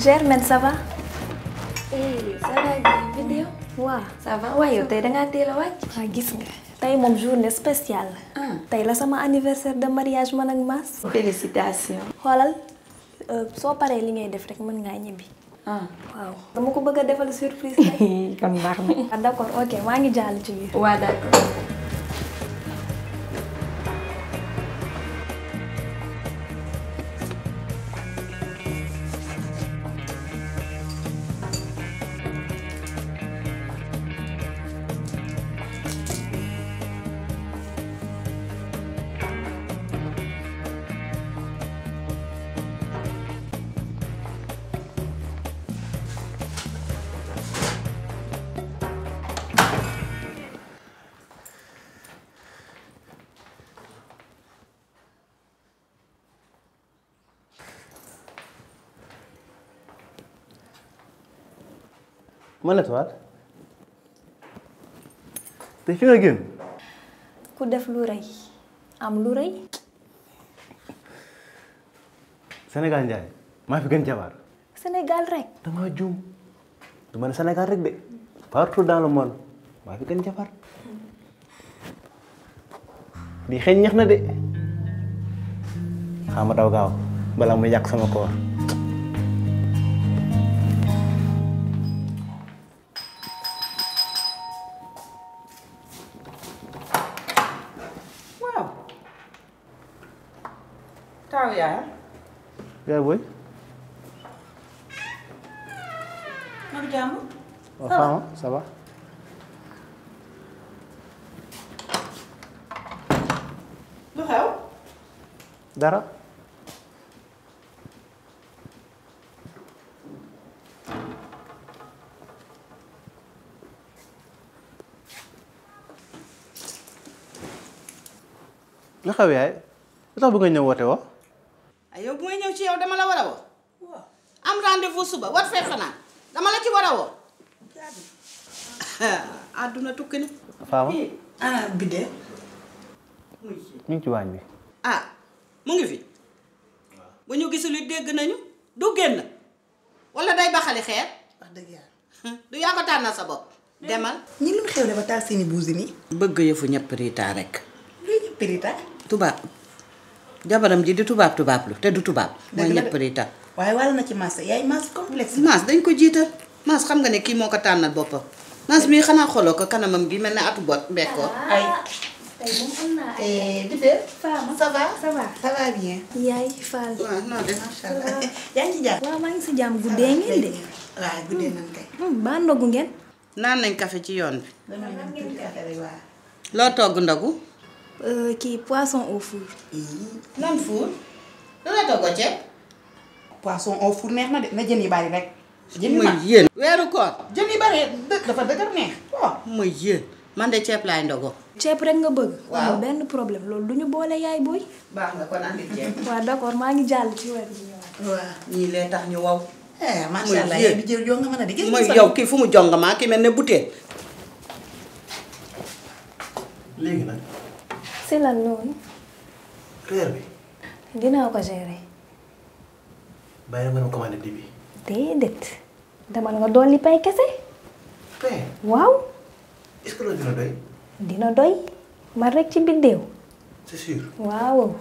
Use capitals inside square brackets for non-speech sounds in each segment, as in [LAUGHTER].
Germaine ça va. eh ça va vidéo. waaye tey dangaa teel a wàcc. waaw gis nga tey moom journée spéciale tey la sama anniversaire de mariage man ak Mass. félicitations. xoolal soo paree li ngay def rek mën ngaa ñibbi. ah waaw. dama ko bëgg defal surprise. kon baax na. d'accord ok maa ngi jàll ci biir. waaw d'accord. ma la tuwaat te fi nga génn. ku def lu rëy am lu rëy. Sénégal Ndiaye maa fi gën jabar. Sénégal rek. dama juum du ma ne Sénégal rek de partout dans le monde maa fi gën jabar bi xëy ñax na de xaama daw gaaw balaa mu yàq sama koor. taaw yaayam. yaay booy. mag jàmm. ça va waaw ça lu xew. dara. lu xew yaay lu tax bëgg nga ñëw woote ay yow bu may ñëw ci yow dama la war a woo. am rendez-vous suba war fee fanaan dama la ci war a woo. [LAUGHS] àdduna tukki na. Faama ah, mu ngi ci waañ bi. ah mu ngi fi. bu ñu gisul it dégg nañu du génn wala day baxali xeer. wax dëgg du yaa ko sa bopp. demal ñi lu xew dafa taal seeni buusi nii. bëgg yëfu ñëpp riita rek. luy ñëpp riita. tubaab. jabaram ji di tubaab tubaab lu te du tubaab. mooy ñëpp di waaye wàll na ci masse yaay masse complexe. masse dañ ko jiital masse xam nga ne kii moo ko tànnal boppam masse bii xanaa xooloo ko kanamam gi mel ne atu bot mbekkoo ah, ay. tey eh, si [LAUGHS] jàmm guddee ngeen de. waaw guddee hmm, ndogu ngeen. naan nañ kafe ci yoon bi. loo togg ndagu kii euh, poisson au four. lan four lu la toggoo ceeb. poisson au four neex na de na jën yi bàyyi rek. jën yu mag yéen. weeru koor jën yi bari dafa dëgër neex waaw. mooy yéen man de ceeb laay ndogo. ceeb rek nga bëgg. waaw benn problème loolu du ñu boole yaay booy. baax nga kon andi ceeb. [LAUGHS] waaw d'accord maa ngi jàll ci weer bi ñëwaat. waaw ñii lay tax ñu wow. Eh, macha allah yow bi jël jonga mën di mooy yow kii fu mu jonga maa ki mel ne butéel. si lan loolu. reer bi. dinaa ko gérer. bàyyi ma ne ma commandé bi. déedéet dama nga dolli pay kese. pay waaw. est-ce dina doy. dina doy man rek ci biddéew. c'est sûr waaw.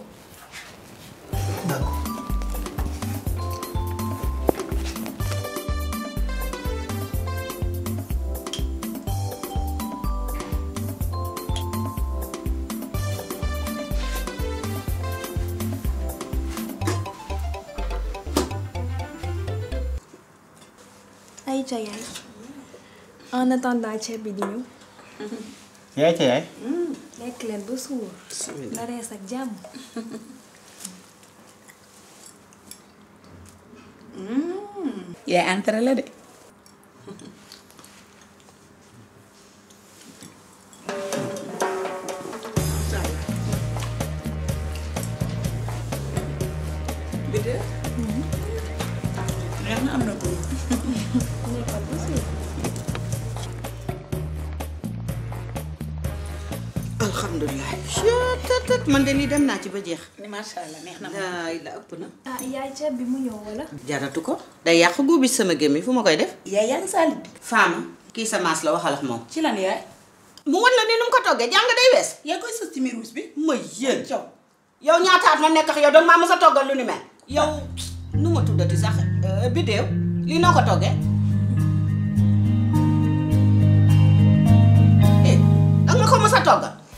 ay ca yaay en attendant ceeb bi di ñëw. yaay ca yaay. lekk leen ba suur. nga rees jàmm. yaay entrée la alhamdulilah. chut man de lii dem naa ci ba jeex. macha allah neex na la ëpp na. ah yaay ceeb bi mu ñëw wala. jaratu ko day yàq guubi sama gémmi fu ma koy def. yaay yaa ngi saalit. Fama kii sa maas la waxal ak moom. ci lan yaay. mu wan la ni nu mu ko toggee jàng day wees. yaa koy sës ci miiruus bi. ma yéen caw. yow ñaata at ma nekk ak yow doon maa mës a toggal lu ni mel. yow nu ma tuddati sax euh, biddeew lii noo ko toggee. Eh, da nga ko mës a toggal.